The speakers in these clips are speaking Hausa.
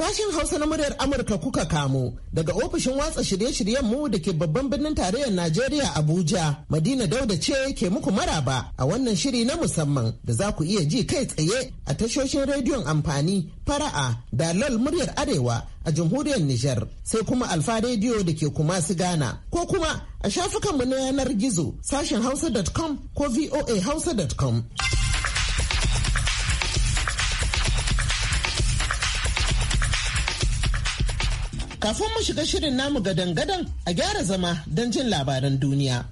Sashen Hausa na muryar Amurka kuka kamo daga ofishin watsa shirye-shiryen mu da ke babban birnin tarayyar Najeriya Abuja. Madina Dauda ce ke muku maraba a wannan shiri na musamman da za ku iya ji kai tsaye a tashoshin rediyon amfani fara'a da lal muryar Arewa a jamhuriyar Nijar sai kuma Alfa rediyo da ke kuma su Ghana ko kuma a shafukanmu na yanar gizo sashen hausa.com ko voa hausa.com. Kafin mu shiga shirin namu ga gadon a gyara zama don jin labaran duniya.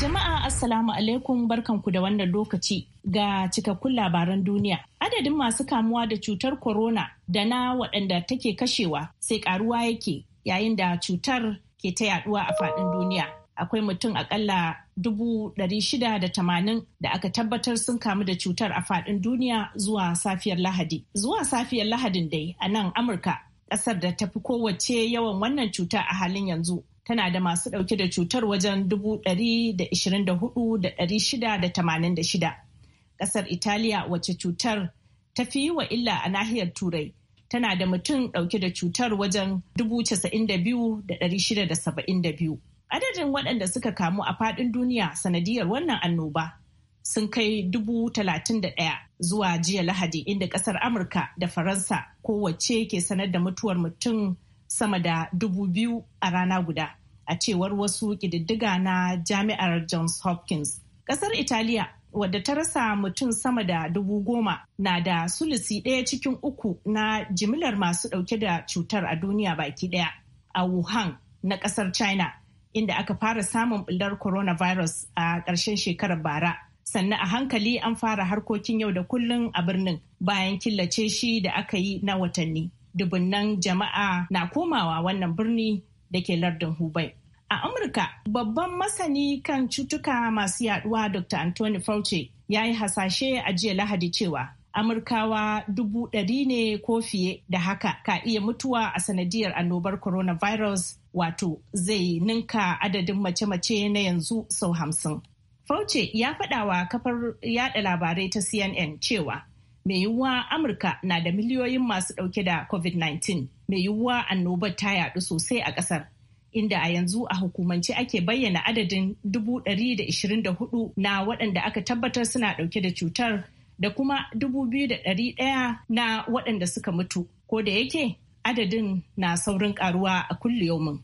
Jama'a Assalamu alaikum barkanku da wannan lokaci ga cikakkun labaran duniya. Adadin masu kamuwa da cutar corona da na waɗanda take kashewa sai ƙaruwa yake yayin da cutar ke ta yaɗuwa a faɗin duniya. akwai mutum akalla dubu ɗari shida da tamanin da aka tabbatar sun kamu da cutar a faɗin duniya zuwa safiyar lahadi zuwa safiyar lahadin dai a nan amurka ƙasar da ta fi kowace yawan wannan cutar a halin yanzu tana da masu ɗauke da cutar wajen dubu ɗari da ishirin da hudu da ɗari shida da tamanin da shida ƙasar italiya wace cutar ta fi yi wa illa a nahiyar turai tana da mutum ɗauke da cutar wajen dubu casa'in da biyu da ɗari shida da saba'in da biyu Adadin waɗanda suka kamu a faɗin duniya sanadiyar wannan annoba sun kai dubu talatin da ɗaya zuwa jiya Lahadi inda ƙasar Amurka da Faransa kowace ke sanar da mutuwar mutum sama da dubu biyu a rana guda a cewar wasu ƙididdiga na jami'ar Johns Hopkins. Ƙasar Italiya wadda ta rasa mutum sama da dubu goma na da sulisi ɗaya cikin uku na jimilar masu ɗauke da cutar a duniya baki ɗaya a Wuhan na ƙasar China inda aka fara samun bullar coronavirus a ƙarshen shekarar bara. Sannan a hankali an fara harkokin yau da kullun a birnin bayan killace shi da aka yi na watanni. Dubunnan jama'a na komawa wannan birni da ke lardin Hubai. A Amurka, babban masani kan cutuka masu yaduwa Dr. Anthony Fauci ya yi hasashe a jiya Lahadi cewa Amurkawa dubu ɗari ne ko fiye da haka ka iya mutuwa a sanadiyar annobar coronavirus wato zai ninka adadin mace-mace na yanzu sau hamsin. Fauce ya faɗawa kafar yada labarai ta CNN cewa mai yiwuwa Amurka na da miliyoyin masu ɗauke da COVID-19 mai yiwuwa annobar ta yaɗu sosai a ƙasar. inda a yanzu a hukumance ake bayyana adadin 124 na waɗanda aka tabbatar suna ɗauke da cutar da kuma dubu biyu da ɗari ɗaya na waɗanda suka mutu ko da yake adadin na saurin karuwa a kulle yaumin.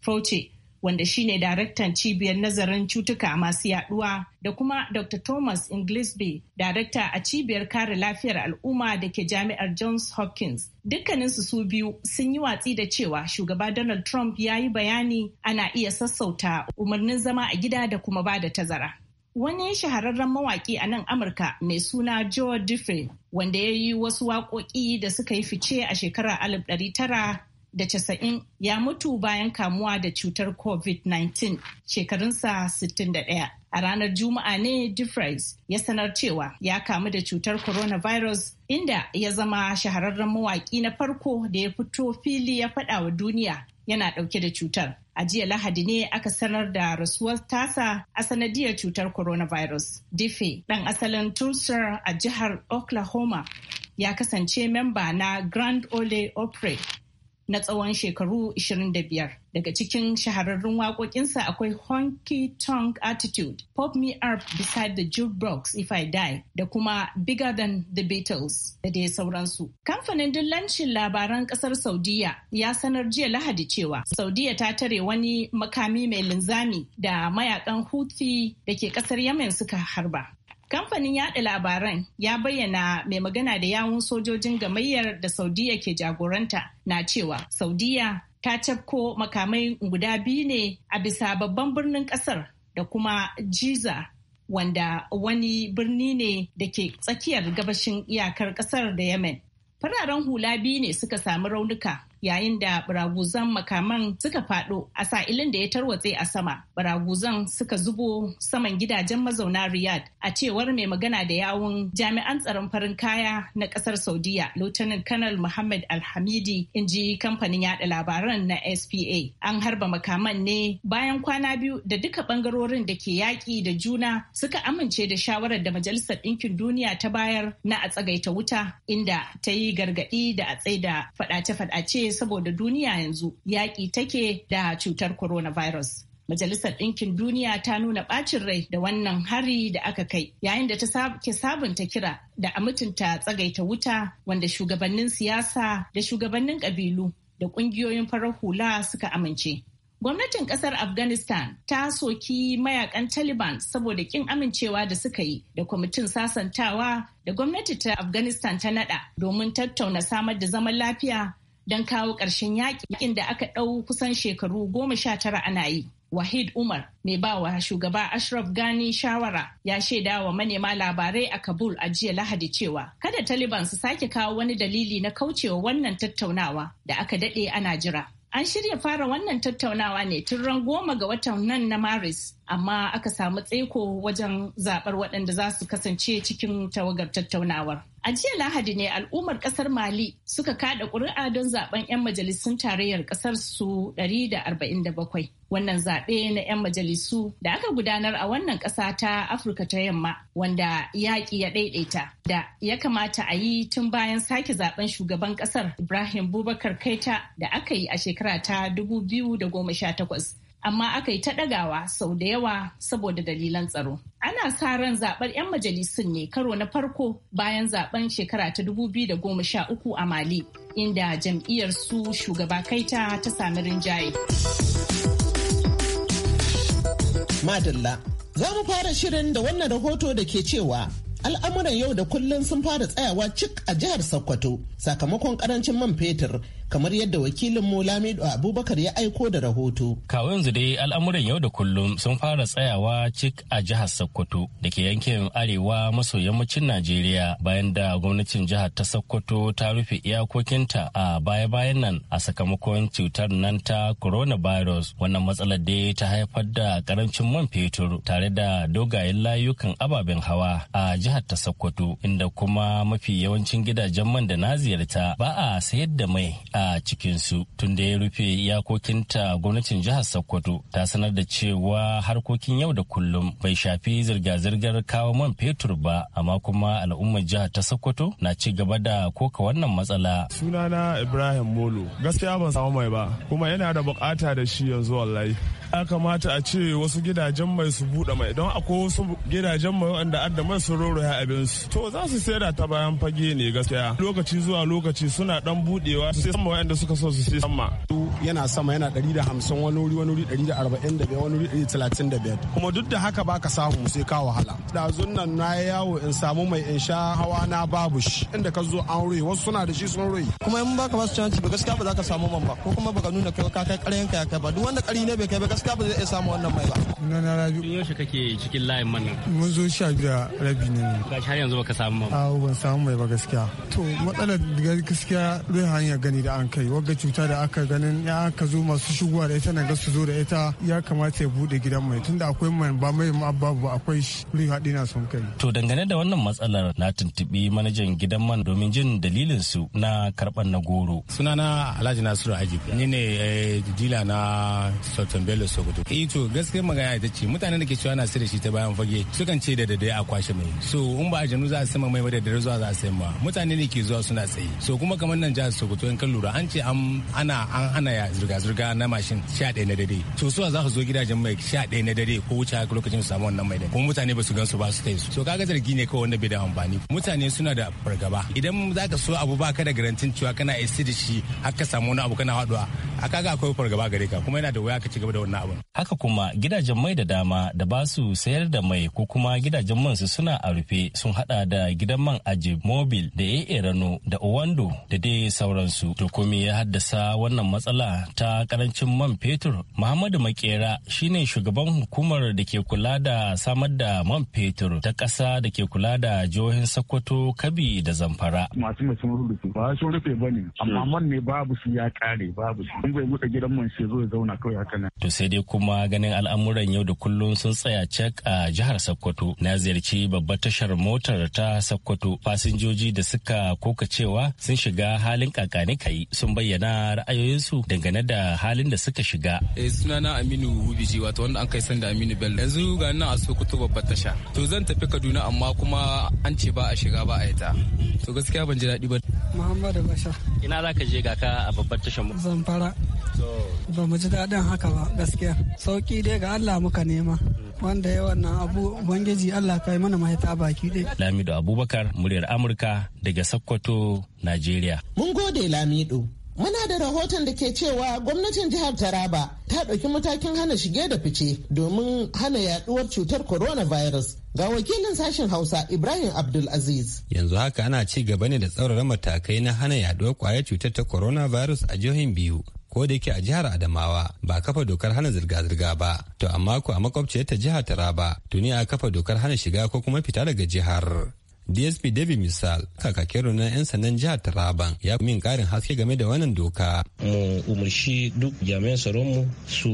Fauci wanda shine daraktan cibiyar nazarin cutuka masu yaduwa da kuma Dr. Thomas Inglisby, darakta a cibiyar kare lafiyar al'umma da ke jami'ar Johns Hopkins. Dukkaninsu su biyu sun yi watsi da cewa shugaba Donald Trump ya yi bayani ana iya sassauta umarnin zama a gida da kuma ba da tazara. Wani shahararren mawaƙi a nan Amurka mai suna Joe Diffie wanda ya yi wasu waƙoƙi da suka yi fice a shekarar casa'in, ya mutu bayan kamuwa da cutar COVID-19 shekarunsa 61. A ranar Juma'a ne Diffries ya sanar cewa ya kamu da cutar coronavirus inda ya zama shahararren mawaƙi na farko da ya fito fili ya faɗa wa duniya yana ɗauke da cutar. A jiya Lahadi ne aka sanar da rasuwar tasa a sanadiyar cutar coronavirus. Diffie ɗan asalin Tulsar a jihar Oklahoma ya kasance memba na Grand Ole Opry na tsawon shekaru 25. Daga cikin shahararrun waƙoƙinsa akwai Honky Tonk Attitude, Pop Me Up Beside the Jukebox If I Die, da kuma Bigger Than the Beatles, da dai sauransu. Kamfanin dillancin labaran ƙasar Saudiya ya sanar jiya Lahadi cewa Saudiya ta tare wani makami mai linzami da mayakan Houthi da ke ƙasar Yemen suka harba. Kamfanin yaɗa labaran ya bayyana mai magana da yawun sojojin gamayyar da Saudiya ke jagoranta na cewa Saudiya ta cafko makamai guda biyu ne a bisa babban birnin kasar da kuma Jiza wanda wani birni ne da ke tsakiyar gabashin iyakar kasar da Yemen. Fararen hula biyu ne suka sami raunuka yayin da baraguzan makaman suka fado a sa'ilin da ya tarwatse a sama baraguzan suka zubo saman gidajen mazauna Riyad a cewar mai magana da yawun jami'an tsaron farin kaya na ƙasar saudiya lieutenant colonel muhammad alhamidi in ji kamfanin yada labaran na spa an harba makaman ne bayan kwana biyu da duka bangarorin da ke yaƙi da juna suka amince da shawarar da majalisar ɗinkin duniya ta bayar na a tsagaita wuta inda ta yi gargaɗi da a tsaida faɗace-faɗace saboda duniya yanzu yaƙi take da cutar coronavirus. Majalisar Ɗinkin Duniya ta nuna ɓacin rai da wannan hari da aka kai yayin da ta ke sabunta kira da a mutunta tsagaita wuta wanda shugabannin siyasa da shugabannin ƙabilu da ƙungiyoyin farar hula suka amince. Gwamnatin ƙasar Afghanistan ta soki mayakan Taliban saboda ƙin amincewa da suka yi da kwamitin sasantawa da gwamnati ta Afghanistan ta naɗa. domin tattauna samar da zaman lafiya don kawo ƙarshen yakin da aka ɗau kusan shekaru goma sha tara ana yi. Wahid Umar mai ba wa shugaba Ashraf Gani shawara ya shaida wa manema labarai a Kabul a jiya Lahadi cewa kada Taliban su sake kawo wani dalili na kaucewa wannan tattaunawa da aka daɗe ana jira. An shirya fara wannan tattaunawa ne tun ran goma ga watan nan na Maris, amma aka samu tsaiko wajen zabar waɗanda za su kasance cikin tawagar tattaunawar. A jiya Lahadi ne al'ummar kasar Mali suka kada ƙuri'a don zaben 'yan majalisun tarayyar kasar su 147. Wannan zaɓe na 'yan majalisu da aka gudanar a wannan ƙasa ta Afirka ta Yamma wanda yaƙi ya ɗaiɗaita da ya kamata a yi tun bayan sake zaben shugaban ƙasar Ibrahim Bubakar Kaita da aka yi a shekara ta 2018. amma aka yi ta ɗagawa sau da yawa saboda dalilan tsaro. Ana sa ran zaɓar 'yan majalisun ne karo na farko bayan zaɓen shekara ta 2013 a Mali, inda jam'iyyar su shugaba kaita ta sami rinjaye. Madalla, za mu fara shirin da wannan rahoto da ke cewa al'amuran yau da kullum sun fara tsayawa cik a jihar Sokoto sakamakon ƙarancin man fetur kamar yadda wakilin mu da Abubakar ya aiko da rahoto. Kawo yanzu dai al'amuran yau da kullum sun fara tsayawa cik a jihar Sokoto da ke yankin arewa maso yammacin Najeriya bayan da gwamnatin jihar ta Sokoto ta rufe iyakokinta a baya-bayan nan a sakamakon cutar nan ta coronavirus. Wannan matsalar dai ta haifar da karancin man fetur tare da dogayen layukan ababen hawa a jihar ta Sokoto inda kuma mafi yawancin gidajen man da na ziyarta ba a sayar da mai a cikinsu tun da ya rufe iyakokinta gwamnatin jihar sokoto ta sanar da cewa harkokin yau da kullum bai shafi zirga-zirgar kawo man fetur ba amma kuma al'ummar jihar ta sokoto na ci gaba da koka wannan matsala sunana ibrahim molo gaskiya ban samu mai ba kuma yana da bukata da shi yanzu wallahi ya kamata a ce wasu gidajen mai su buɗe mai don akwai wasu gidajen mai wanda adda mai su ya abin su to za su saida ta bayan fage ne gaskiya lokaci zuwa lokaci suna dan buɗewa sai sama wanda suka so su sai sama yana sama yana 150 wani wuri wani wuri 145 wani wuri 135 kuma duk da haka baka samu sai ka wahala da zunnan na yawo in samu mai in sha hawa na babu shi inda ka zo an roye wasu suna da shi sun roye kuma in baka ba su canci ba gaskiya ba za ka samu man ba ko kuma baka nuna kai ka kai ƙaryan ka ya kai ba duk wanda ƙari ne bai kai ba gaskiya ba zai iya samu wannan mai ba. Na na rabi. Tun yaushe kake cikin layin man nan? Mun zo sha biyu rabi ne. Gashi har yanzu baka samu mai. A'a ban samu mai ba gaskiya. To matsalar gaskiya zai hanyar gani da an kai wagga cuta da aka ganin ya aka zo masu shigowa da ita na ga su zo da ita ya kamata ya bude gidan mai tunda akwai mai ba mai ma babu akwai shi haɗi na sun kai. To dangane da wannan matsalar na tuntuɓi manajan gidan man domin jin dalilin su na karɓar na goro. Sunana Alhaji Nasiru Ajib ni ne eh, dila na Sultan Bello sokoto eh to gaskiya magana ita ce mutanen da ke cewa na sai da shi ta bayan fage sukan ce da daddare a kwashe mai so in ba a janu za a sama mai ba da dare zuwa za a sayi ma mutane ne ke zuwa suna tsaye so kuma kamar nan jihar sokoto in kan lura an ce an ana an ana ya zirga zirga na mashin sha ɗaya na dare to suwa za su zo gidajen mai sha ɗaya na dare ko wuce haka lokacin samu wannan mai da kuma mutane ba su gan su ba su kai su so kaga zargi ne kawai wanda bai da amfani mutane suna da fargaba idan za ka so abu ba ka da garantin cewa kana isi da shi har ka samu wani abu kana haɗuwa a kaga akwai fargaba gare ka kuma yana da wuya ka ci gaba da wannan abin haka kuma gidajen mai da dama da ba su sayar da mai ko kuma gidajen man su suna a rufe sun hada da gidan man ajib mobil da AA Rano da Owando da dai sauransu to kome ya haddasa wannan matsala ta karancin man fetur Muhammadu Makera shine shugaban hukumar da ke kula da samar da man fetur ta kasa da ke kula da jihohin Sokoto, Kabi da Zamfara. Masu mai sun rufe ba su rufe ba ne amma hmm. man ne babu su ya kare babu su. In bai buɗe gidan man sai zo ya zauna kawai haka nan. dai kuma ganin al'amuran yau da kullum sun tsaya cak a jihar Sokoto. Na ziyarci babbar tashar motar ta Sokoto fasinjoji da suka koka cewa sun shiga halin kakani kai sun bayyana ra'ayoyinsu dangane da halin da suka shiga. Eh sunana Aminu Hubiji wato wanda an kai sanda Aminu Bello. Yanzu ga nan a Sokoto babbar tasha. To zan tafi Kaduna amma kuma an ce ba a shiga ba a yi ta. To gaskiya ban ji daɗi ba. Muhammadu Bashir. Ina za ka je ga ka a babbar tashar mu? Zamfara. To. Ba mu ji daɗin haka ba gaskiya. gaskiya sauki dai ga Allah muka nema wanda ya wannan abu bangiji Allah kai mana mahita baki dai Lamido Abubakar muryar Amurka daga Sokoto Najeriya Mun gode Lamido Muna da rahoton da ke cewa gwamnatin jihar Taraba ta ɗauki matakin hana shige da fice domin hana yaduwar cutar coronavirus. Ga wakilin sashen Hausa Ibrahim Abdul Aziz. Yanzu haka ana ci gaba ne da tsaurara matakai na hana yaduwar kwayar cutar ta coronavirus a jihohin biyu ko da yake a jihar Adamawa ba kafa dokar hana zirga-zirga ba to amma ko a makwabciyar ta jihar Taraba tuni a kafa dokar hana shiga ko kuma fita daga jihar dsp david misal kero na 'yan sandan jihar taraban ya min karin haske game da wannan doka mu umarci duk jami'an mu su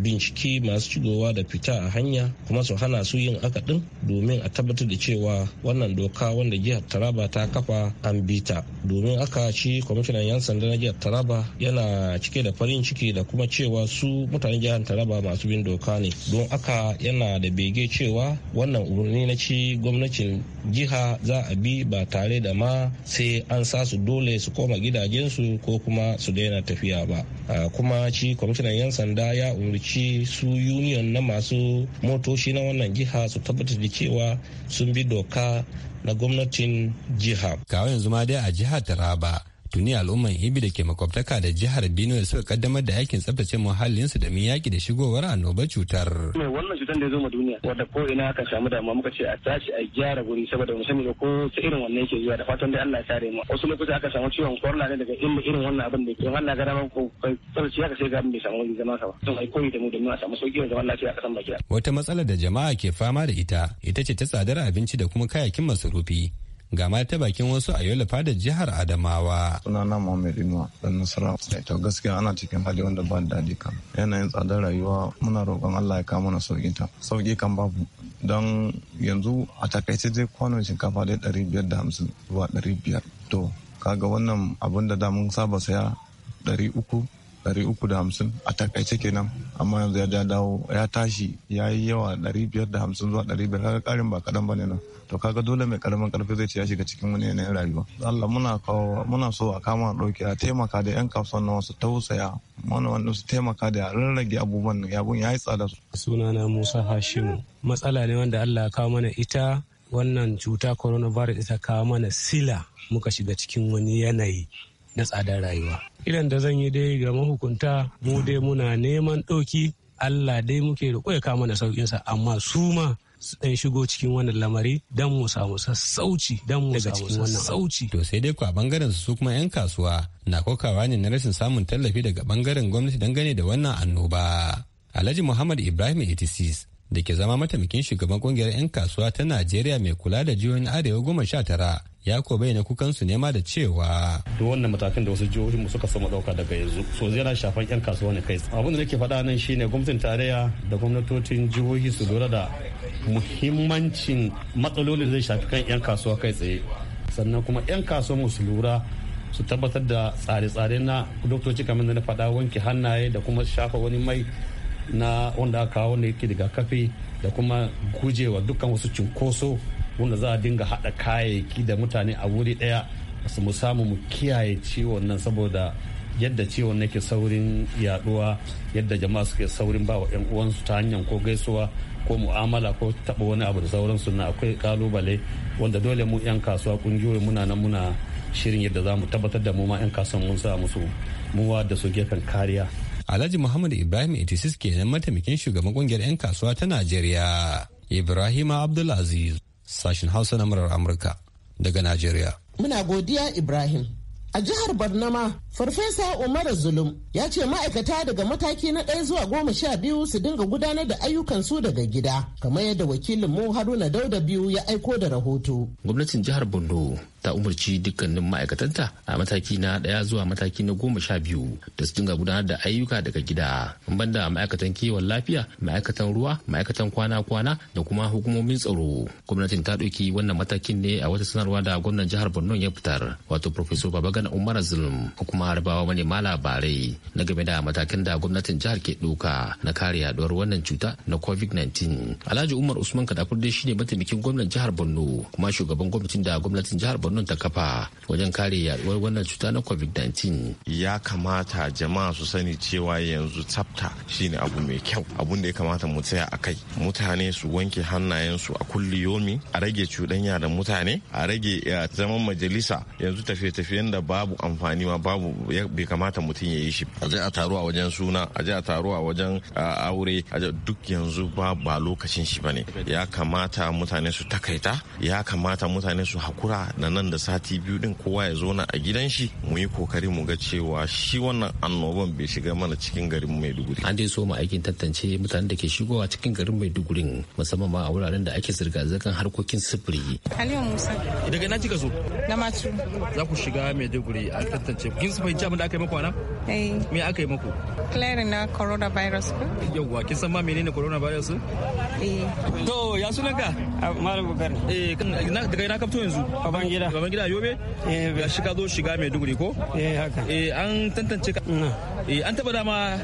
binciki masu shigowa da fita a hanya kuma su hana su yin akadin domin a tabbatar da cewa wannan doka wanda jihar taraba ta kafa an bi ta domin aka ci kwamishinan 'yan sanda na jihar taraba yana cike da farin ciki da kuma cewa su mutanen jihar taraba masu bin doka ne don aka yana da bege cewa wannan umarni na ci gwamnatin jiha za a bi ba tare da ma sai an sa su dole su koma gidajensu ko kuma su daina tafiya ba kuma ci kwamishinan 'yan sanda ya umarci su union na masu motoci na wannan jiha su tabbatar da cewa sun bi doka na gwamnatin jiha. Kawo yanzu ma dai a jihar Taraba tuni al'umman hibi da ke makwabtaka da jihar Bino da suka kaddamar da aikin tsaftace muhallinsu da miyaki da shigowar annobar cutar. mai wannan cutar da ya zo ma duniya wadda ko ina aka samu damuwa muka ce a tashi a gyara guri saboda mu sani da ko ta irin wannan yake zuwa da fatan dai Allah ya tare mu wasu lokuta aka samu ciwon corona ne daga irin wannan abin da ke wannan gara ma ko tsarci ya sai ga abin bai samu wani zama ba don ai koyi da mu domin a samu sauki da zaman lafiya a kasan bakiya. wata matsalar da jama'a ke fama da ita ita ce ta tsadar abinci da kuma kayayyakin masarufi ga mata ta bakin wasu a yola da jihar adamawa sunana muhammad inuwa dan nasara to gaskiya ana cikin hali wanda ba daɗi kan yanayin tsadar rayuwa muna roƙon allah ya kawo mana sauƙi ta sauƙi kan babu don yanzu a takaice dai kwanon shinkafa dai ɗari biyar da hamsin zuwa ɗari biyar to kaga wannan abin da da mun saba saya ɗari uku uku da hamsin a takaice kenan amma yanzu ya dawo ya tashi ya yi yawa biyar da hamsin zuwa biyar kaga karin ba kaɗan ba ne nan to kaga dole mai karamin karfi zai ce ya shiga cikin wani yanayin rayuwa Allah muna kawo muna so a kama dauki a taimaka da yan kasuwan nan su tausaya mana wanda su taimaka da rarrage abubuwan nan yayi tsada su sunana Musa Hashimu matsala ne wanda Allah ya kawo mana ita wannan cuta coronavirus ita kawo mana sila muka shiga cikin wani yanayi na tsadar rayuwa idan da zan yi dai ga mahukunta mu dai muna neman ɗauki Allah dai muke roƙo ya mana da sauƙinsa amma su ma shigo cikin wannan lamari don mu samu sassauci don mu samu sassauci. To sai dai ku a bangaren su kuma 'yan kasuwa na kokawa ne na rashin samun tallafi daga bangaren gwamnati dangane da wannan annoba. Alhaji Muhammad Ibrahim 86 da ke zama mataimakin shugaban kungiyar 'yan kasuwa ta najeriya mai kula da jihohin arewa goma sha tara ya ko bayyana kukansu nema da cewa duk wannan matakan da wasu jihohin mu suka sama dauka daga yanzu so yana shafan yan kasuwa ne kai abin da nake faɗa nan shine gwamnatin tarayya da gwamnatocin jihohi su lura da muhimmancin matsalolin zai shafi kan yan kasuwa kai tsaye sannan kuma yan kasuwa mu su lura su tabbatar da tsare-tsare na doktoci kamar da na faɗa wanke hannaye da kuma shafa wani mai na wanda aka kawo wanda yake kafi da kuma gujewa dukkan wasu cinkoso wanda za a dinga haɗa kayayyaki da mutane a wuri ɗaya su mu samu mu kiyaye ciwon nan saboda yadda ciwon nake saurin yaduwa yadda jama'a suke saurin ba wa 'yan uwansu ta hanyar ko gaisuwa ko mu'amala ko taɓa wani abu da sauransu na akwai kalubale wanda dole mu 'yan kasuwa ƙungiyoyi muna nan muna shirin yadda za mu tabbatar da mu ma 'yan kasuwan mun sa musu muwa da su gefen kariya Alhaji Muhammad Ibrahim 86 kenan mataimakin shugaban kungiyar 'yan kasuwa ta Najeriya. Ibrahim Abdulaziz, sashen Hausa na murar Amurka daga Najeriya. Muna godiya Ibrahim. A jihar Barnama, Farfesa Umar Zulum ya ce ma'aikata daga mataki na ɗaya zuwa goma sha biyu su dinga gudanar da ayyukansu daga gida, kamar yadda wakilin mu Haruna Dauda biyu ya aiko da rahoto. Gwamnatin jihar Borno ta umarci dukkanin ma'aikatanta a mataki na ɗaya zuwa mataki na goma sha biyu da su dinga gudanar da ayyuka daga gida banda ma'aikatan kiwon lafiya ma'aikatan ruwa ma'aikatan kwana-kwana da kuma hukumomin tsaro gwamnatin ta ɗauki wannan matakin ne a wata sanarwa da gwamnan jihar borno ya fitar wato professor babagana umar zulum ko kuma harbawa ma labarai na game da matakan da gwamnatin jihar ke ɗauka na kare yaduwar wannan cuta na covid-19 alhaji umar usman kadafur dai shine mataimakin gwamnan jihar borno kuma shugaban gwamnatin da gwamnatin jihar borno ta kafa wajen kare yaduwar wannan cuta na covid-19 ya kamata jama'a su sani cewa yanzu tsafta shine abu mai kyau abun da ya kamata mu tsaya a kai mutane su wanke hannayensu a kulli yomi a rage cuɗanya da mutane a rage eh, zaman majalisa yanzu tafiye-tafiyen da babu amfani ma babu bai kamata mutum ya yi shi a je a taro a wajen suna a je a taro a wajen aure a duk yanzu ba ba lokacin shi bane ya kamata mutane su takaita ya kamata mutane su hakura da nan da sati biyu din kowa ya zo na a gidan shi mu yi kokari mu ga cewa shi wannan annoban bai shiga mana cikin garin maiduguri an dai so mu aikin tantance mutanen da ke shigowa cikin garin maiduguri musamman ma a wuraren da ake zirga-zirgar harkokin sufuri halima musa daga ina ka zo na matu za ku shiga maiduguri a tantance kin su fahimci abin da aka yi maku ana eh. me aka yi maku clear na coronavirus ko yawwa kin san ma menene coronavirus eh to ya sunanka ah, malam bukar eh daga ina kafto yanzu baban gida baban gida yobe eh, ga shi ka zo shiga maiduguri ko eh haka eh an tantance ka eh an taba dama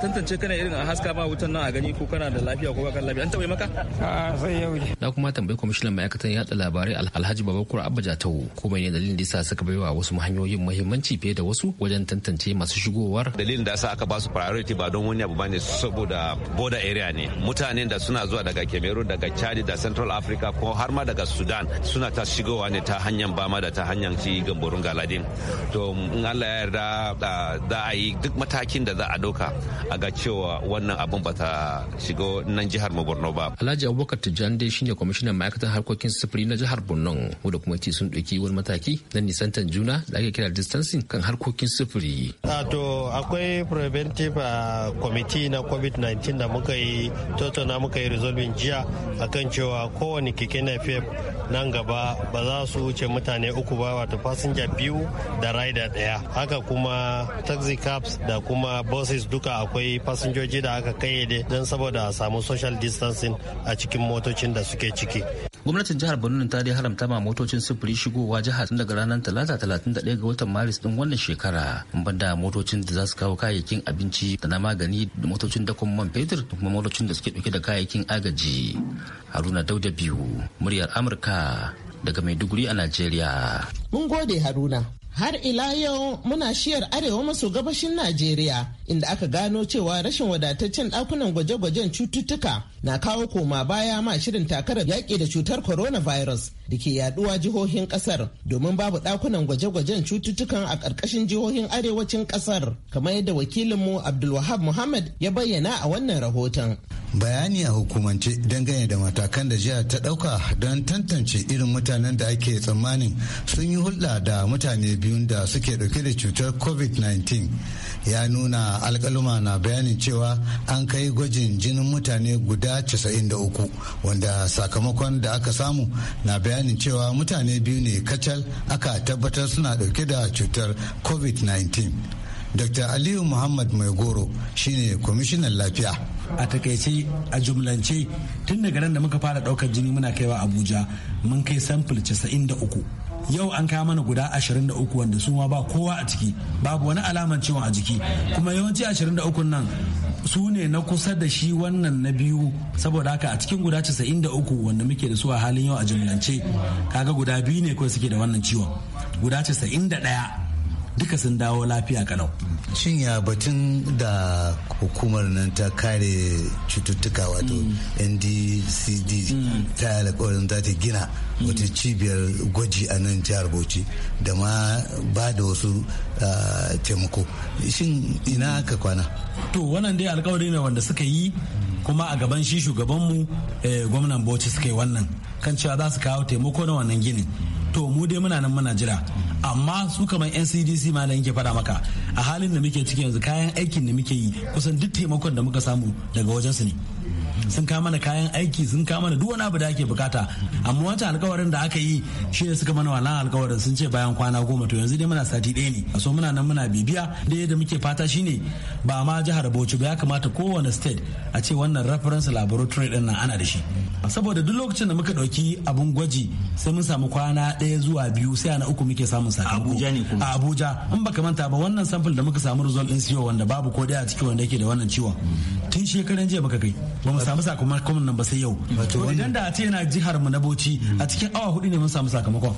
tantance kana irin a haska ba wutan nan a gani ko kana da lafiya ko kan lafiya an taba maka a sai yau ne na kuma tambayi kwamishinan ma'aikatan yada labarai alhaji babakur abba jatawu ko ne dalilin da yasa suka baiwa wasu hanyoyin muhimmanci fiye da wasu wajen tantance masu shigowar dalilin da yasa aka ba su priority ba don wani abu ba bane saboda border area ne mutanen da suna zuwa daga Cameroon daga Chad da Central Africa ko har ma daga Sudan suna ta shigowa ne ta hanyar bama da ta hanyar ci gamborun galadin to in Allah ya yarda da a yi duk matakin da za a ɗauka a ga cewa wannan abun ba ta shiga nan jihar mu borno ba alhaji abubakar tijjani dai shine kwamishinan ma'aikatan harkokin sufuri na jihar borno da kuma ce sun ɗauki wani mataki na nisantan juna da ake kira distancing kan harkokin sufuri to akwai preventive uh, committee na covid-19 da muka yi na muka yi resolving jiya akan cewa kowane keke na nan gaba ba za su wuce mutane uku ba wato fasinja biyu da rider daya haka kuma taxi cabs da da kuma buses duka akwai fasinjoji da aka kayyade don saboda a samu social distancing a cikin motocin da suke ciki. Gwamnatin jihar Borno ta dai haramta ma motocin sufuri shigowa jihar tun daga ranar Talata 31 ga watan Maris din wannan shekara. da motocin da za su kawo kayayyakin abinci da na magani da motocin da kuma man fetur da kuma motocin da suke dauke da kayayyakin agaji. Haruna Dauda biyu muryar Amurka daga Maiduguri a nigeria. Mun gode Haruna. Har ila yau muna shiyar arewa maso gabashin Najeriya inda aka gano cewa rashin wadataccen dakunan gwaje-gwajen cututtuka na kawo koma baya ma shirin takarar yaƙi da cutar coronavirus da ke yaduwa jihohin ƙasar domin babu dakunan gwaje-gwajen cututtukan a ƙarƙashin jihohin arewacin ƙasar kamar yadda wakilinmu Abdulwahab Muhammad ya bayyana a wannan rahoton. bayani a hukumance dangane da matakan da jihar ta dauka don tantance irin mutanen da ake tsammanin sun yi hulɗa da mutane biyun da suke ɗauke da cutar covid-19 ya nuna alkaluma na bayanin cewa an kai gwajin jinin mutane guda 93 wanda sakamakon da aka samu na bayanin cewa mutane biyu ne kacal aka tabbatar suna ɗauke da cutar covid-19 dr aliyu muhammad mai goro shine kwamishinan lafiya a takaice a jumlance tun daga nan da muka fara daukar jini muna kaiwa abuja mun kai samfil 93 yau an kawo mana guda 23 wanda su ma ba kowa a ciki babu wani alamar ciwon a jiki kuma yawanci 23 nan su ne na kusa da shi wannan na biyu saboda haka a cikin guda 93 wanda muke da su a halin yau a jumlance kaga guda biyu ne kawai suke da wannan ciwon guda 91 duka sun dawo lafiya kalau. Shin ya batun da hukumar nan ta kare cututtuka wato NDCD ta alkawarin za ta gina wata cibiyar gwaji a nan jihar Bauchi da ma ba da wasu ah, taimako. Shin ina ka kwana? To wannan dai alkawari ne wanda suka yi kuma a gaban shi shugabanmu eh, gwamnan Bauchi suka yi wannan kan cewa za su kawo taimako na wannan ginin. to mu dai muna nan muna jira amma su kamar ncdc ma da yake faɗa maka a halin da muke ciki yanzu kayan aikin da muke yi kusan duk taimakon da muka samu daga wajen su ne sun kawo mana kayan aiki sun kawo mana duk wani abu da ake bukata amma wancan alkawarin da aka yi shi ne suka mana wannan alkawarin sun ce bayan kwana goma to yanzu dai muna sati ɗaya ne so muna nan muna bibiya da yadda muke fata shi ne ba ma jihar Bauchi ba ya kamata kowane state a ce wannan reference laboratory din nan ana da shi saboda duk lokacin da muka ɗauki abun gwaji sai mun samu kwana ɗaya zuwa biyu sai na uku muke samun sakamako Abuja ne a Abuja in baka manta ba wannan sample da muka samu result din ciwo wanda babu ko daya a cikin wanda yake da wannan ciwon tun shekaran jiya baka kai ba samu sakamakon nan ba sai yau idan da a ce yana jihar mu na Bauchi a cikin awa hudu ne mun samu sakamakon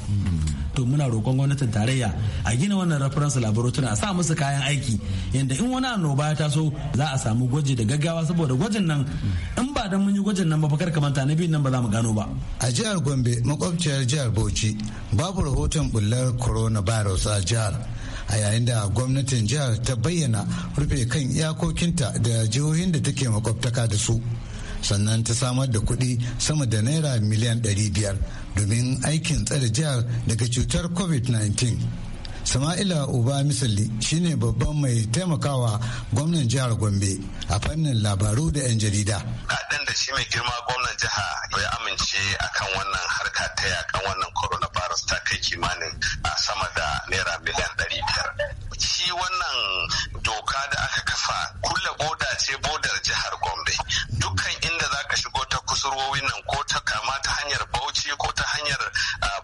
to muna roƙon gwamnatin tarayya a gina wannan reference laboratory a sa musu kayan aiki yanda in wani annoba ya taso za a samu gwaji da gaggawa saboda gwajin nan in ba dan mun yi gwajin nan ba fakar kamanta na biyun nan ba za mu gano ba a jihar Gombe makwabciyar jihar Bauchi babu rahoton bullar coronavirus a jihar a yayin da gwamnatin jihar ta bayyana rufe kan iyakokinta da jihohin da take makwabtaka da su sannan ta samar da kuɗi sama da naira miliyan 500 domin aikin tsare jihar daga cutar covid-19 sama'ila uba misali shine babban mai taimakawa gwamnan jihar gombe a fannin labaru da 'yan jarida da shi mai girma gwamnan jiha ya amince akan wannan harka ta yakan wannan coronavirus ta kai kimanin a sama da naira miliyan ɗari biyar. Shi wannan doka da aka kafa kulle boda ce bodar jihar Gombe. Dukkan inda za ka shigo ta kusurwowin nan ko ta kama ta hanyar Bauchi ko ta hanyar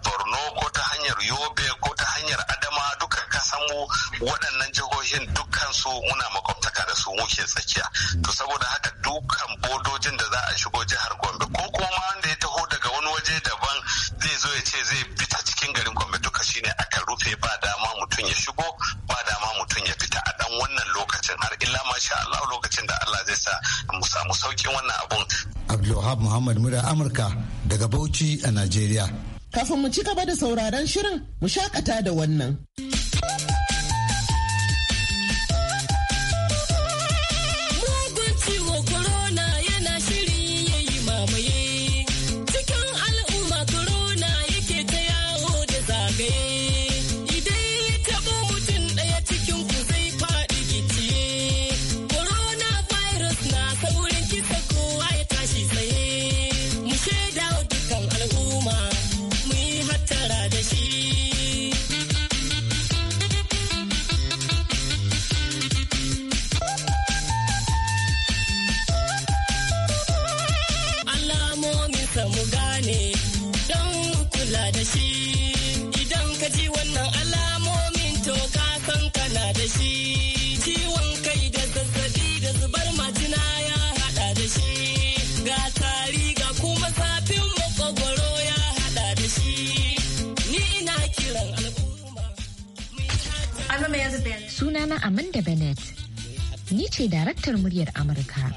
Borno ko ta hanyar Yobe ko ta hanyar Adama duka ka samu waɗannan jihohin dukkan su muna da su muke tsakiya hmm. to saboda haka dukkan bodojin da za a shigo jihar gombe ko kuma wanda ya taho daga wani waje daban zai zo ya ce zai bi ta cikin garin gombe duka shine aka rufe ba dama mutum ya shigo ba dama mutum ya fita a dan wannan lokacin har illa masha Allah lokacin da Allah zai sa mu samu saukin wannan abun Abdulwahab Muhammad Mura Amurka daga Bauchi a Najeriya kafin mu ci gaba da sauraron shirin mu shakata da wannan Sunana Amanda Bennett. Ni ce daraktar muryar Amurka.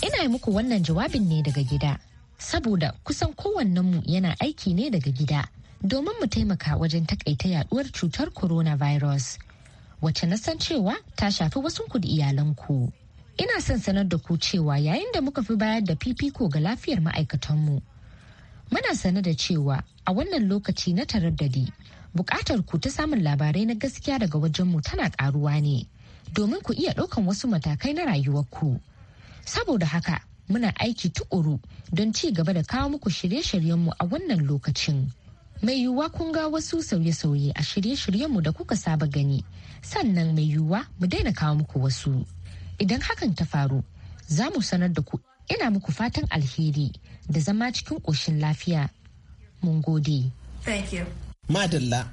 Ina yi muku wannan jawabin ne daga gida, saboda kusan kowannenmu yana aiki ne daga gida domin mu taimaka wajen takaita yaduwar cutar coronavirus. wacce na san cewa ta shafi wasu da iyalanku. Ina son sanar da ku cewa yayin da muka fi bayar da fifiko ga lafiyar ma'aikatanmu. Muna sanar da cewa a wannan lokaci na taraddadi bukatar ku ta samun labarai na gaskiya daga wajenmu tana karuwa ne domin ku iya ɗaukan wasu matakai na rayuwarku. Saboda haka muna aiki tukuru don ci gaba da kawo muku shirye-shiryenmu a wannan lokacin. Mai yiwuwa kun ga wasu sauye-sauye a shirye-shiryenmu da kuka saba gani, sannan mai yiwuwa mu daina kawo muku wasu. Idan hakan ta faru, za mu sanar da ku ina muku fatan alheri da zama cikin ƙoshin lafiya. Mun gode. Madalla.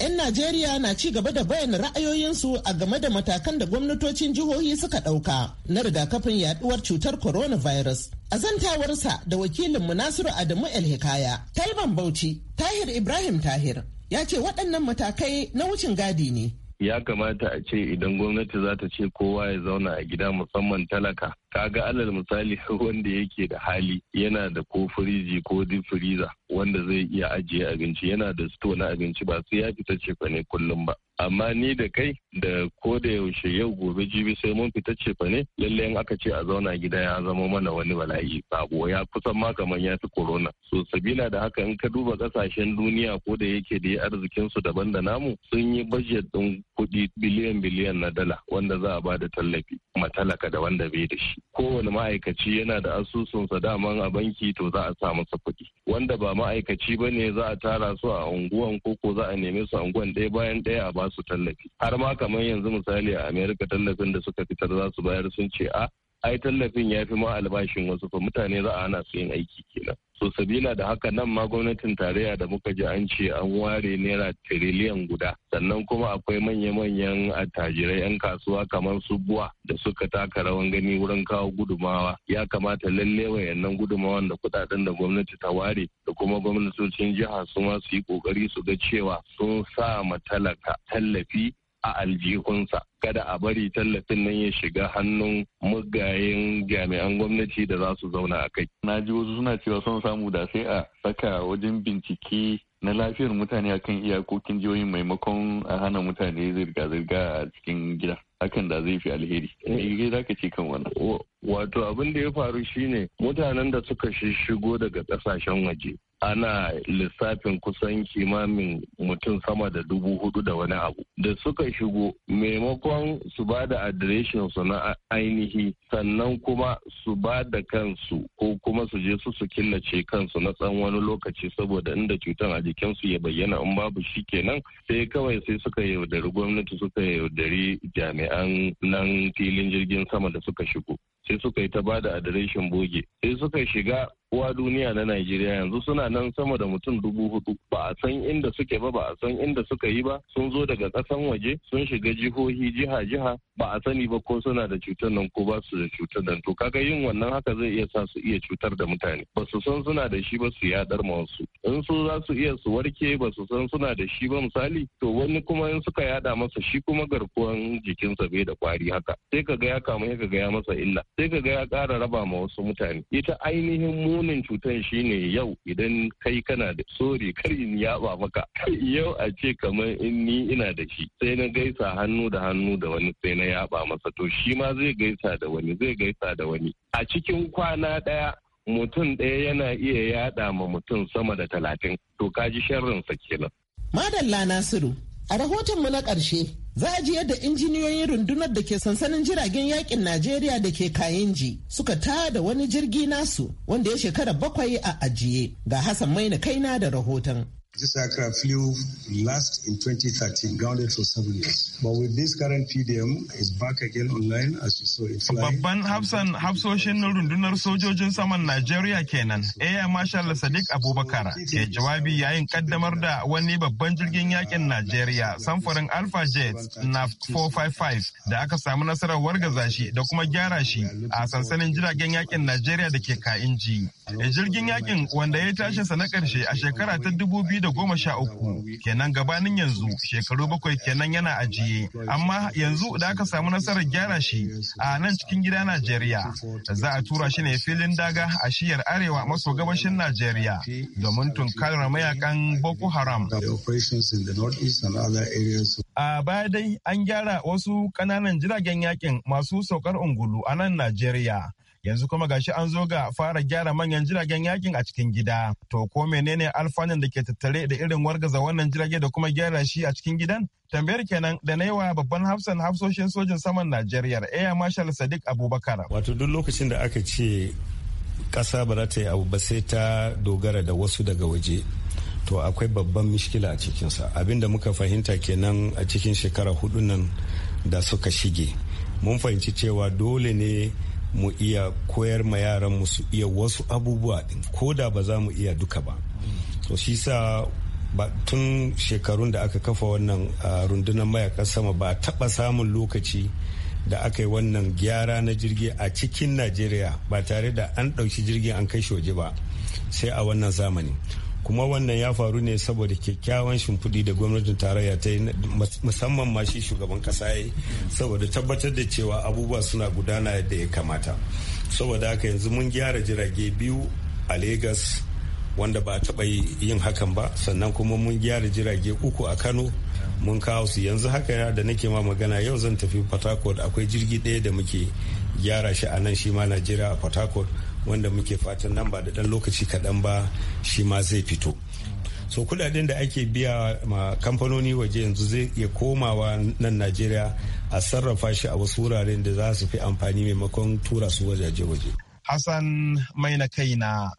'Yan Najeriya na ci gaba da bayyana ra'ayoyinsu a game da matakan da gwamnatocin jihohi suka ɗauka na rigakafin yaduwar cutar coronavirus. A zantawarsa da wakilinmu Nasiru Adamu Elhikaya. Hikaya, Taiban Bauchi, Tahir Ibrahim Tahir, ya ce waɗannan matakai na wucin gadi ne. ya kamata a ce idan gwamnati za ta ce kowa ya zauna a gida musamman talaka kaga alal misali wanda yake da hali yana da ko firiji ko difiriza, firiza wanda zai iya ajiye abinci yana da sito na abinci ba sai ya fita ce ne kullum ba amma ni da kai da ko da yaushe yau gobe jibi sai mun fita ce fa ne lalle in aka ce a zauna gida ya zama mana wani bala'i sabo ya kusan ma kamar ya fi corona so sabila da haka in ka duba kasashen duniya ko da yake da arzikin su daban da namu sun yi bajet din kuɗi biliyan biliyan na dala wanda za a bada tallafi matalaka da wanda bai da shi kowane ma'aikaci yana da asusunsa daman a banki to za a sa masa kuɗi wanda ba ma'aikaci ba ne za a tara su a unguwan koko za a neme su a unguwan ɗaya bayan ɗaya a basu tallafi har ma kamar yanzu misali a amerika tallafin da suka fitar za su bayar sun ce a ai tallafin ya fi ma albashin wasu fa mutane za a hana su yin aiki kenan so sabila da haka nan ma gwamnatin tarayya da muka ji an ce an ware naira tiriliyan guda sannan kuma akwai manya-manyan attajirai 'yan kasuwa kamar su buwa da suka taka rawan gani wurin kawo gudumawa ya kamata lalle wayannan gudumawan da kudaden da gwamnati ta ware da kuma gwamnatocin jiha su ma su yi kokari su ga cewa sun sa matalaka tallafi a aljihunsa kada a bari tallafin nan ya shiga hannun mugayen jami'an gwamnati da za su zauna a kai. Na ji wasu suna cewa son samu da sai a saka wajen bincike na lafiyar mutane akan iyakokin jihohin maimakon a hana mutane zirga-zirga a cikin gida. hakan da zai fi alheri. Me eh. za ka ce kan wannan? Wato abin da ya faru shine mutanen da suka shigo daga ƙasashen waje ana lissafin kusan kimamin mutum sama da dubu hudu da wani abu da suka shigo maimakon su ba da adireshin su na ainihi sannan kuma su ba da kansu ko kuma su je su su killace kansu na tsan wani lokaci saboda inda cutar a jikinsu ya bayyana in babu shi kenan sai kawai sai suka yaudari gwamnati suka yaudari jami'an nan filin jirgin sama da suka shigo sai suka yi ta ba da adireshin boge sai suka shiga uwa duniya na Najeriya yanzu suna nan sama da mutum dubu hudu ba a san inda suke ba ba a san inda suka yi ba sun zo daga kasan waje sun shiga jihohi jiha jiha ba a sani ba ko suna da cutar nan ko ba su da cutar nan to kaga yin wannan haka zai iya sa su iya cutar da mutane ba su san suna da shi ba su yadar ma wasu in su za su iya su warke ba su san suna da shi ba misali to wani kuma in suka yada masa shi kuma garkuwan jikinsa bai da kwari haka sai kaga ya kamu ya kaga ya masa illa sai ka ga ya kara raba ma wasu mutane ita ainihin munin cutar shine yau idan kai kana da sori kar in yaba maka yau a ce kamar in ni ina da shi sai na gaisa hannu da hannu da wani sai na yaba masa to shi ma zai gaisa da wani zai gaisa da wani a cikin kwana ɗaya mutum ɗaya yana iya yaɗa ma mutum sama da talatin to kaji sharrinsa kenan. Madalla Nasiru, A rahoton mu na ƙarshe, za a ji yadda injiniyoyin rundunar da ke sansanin jiragen yakin Najeriya da ke Kayenji suka ta da wani jirgi nasu wanda ya shekara bakwai a ajiye. Ga Hassan Maina kaina da rahoton. This aircraft flew last in 2013, grounded for seven years. But with this current PDM, it's back again online as you saw it flying. Babban hafsan hafsoshin rundunar sojojin saman Najeriya kenan, Air Marshal Sadiq Abubakar ke jawabi yayin kaddamar da wani babban jirgin yakin Najeriya samfurin Alpha Jet na 455 da aka samu nasarar wargaza shi da kuma gyara shi a sansanin jiragen yakin Najeriya da ke Ka'inji. Eh, jirgin yakin wanda ya tashi sa na karshe a shekara ta biyu 2013 kenan gabanin yanzu shekaru bakwai kenan yana ajiye amma yanzu da aka samu nasarar gyara shi a nan cikin gida Najeriya za a tura shi ne filin daga a shiyar arewa maso gabashin Najeriya domin tunkarar mayakan Boko Haram. A baya dai an gyara wasu ƙananan jiragen yakin masu saukar ungulu a nan Najeriya. yanzu kuma gashi an zo ga fara gyara manyan jiragen yakin a cikin gida to ko menene alfanun da ke tattare da irin wargaza wannan jirage da kuma gyara shi a cikin gidan tambayar kenan da na yawa babban hafsan hafsoshin sojin saman najeriya air marshal sadiq abubakar wato duk lokacin da aka ce kasa ba za ta yi abu ba sai ta dogara da wasu daga waje to akwai babban mishkila a cikinsa da muka fahimta kenan a cikin shekara hudu nan da suka shige mun fahimci cewa dole ne mu iya koyar ma yaran mu su iya wasu abubuwa din ko da ba za mu iya duka ba to shi sa ba tun shekarun da aka kafa wannan rundunar mayakan sama ba taba samun lokaci da aka yi wannan gyara na jirgi a cikin najeriya ba tare da an ɗauki jirgin an kai shi waje ba sai a wannan zamani kuma wannan ya faru ne saboda kyakkyawan shimfiɗi da gwamnatin tarayya ta yi musamman ma shi shugaban kasa ya saboda tabbatar da cewa abubuwa suna gudana yadda ya kamata saboda haka yanzu mun gyara jirage biyu a Legas wanda ba taɓa yin hakan ba sannan kuma mun gyara jirage uku a kano mun kawo su yanzu haka da nake ma magana yau zan tafi port akwai jirgi ɗaya da muke gyara shi a nan shi ma najeriya a port wanda muke fatan nan ba da dan lokaci kaɗan ba shi ma zai fito so kudaden da ake biya ma kamfanoni waje yanzu zai iya komawa nan najeriya a sarrafa shi a wasu wuraren da za su fi amfani maimakon tura su wajaje waje hassan mai na kai na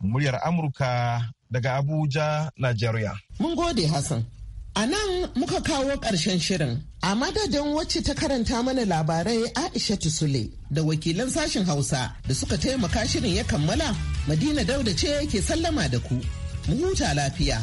muryar amurka daga abuja najeriya mun gode hassan A nan muka kawo ƙarshen shirin. A madadin wacce ta karanta mana labarai Aisha Sule da wakilan sashen Hausa da suka taimaka shirin ya kammala, Madina Dauda ce ke sallama da ku. Mu huta lafiya.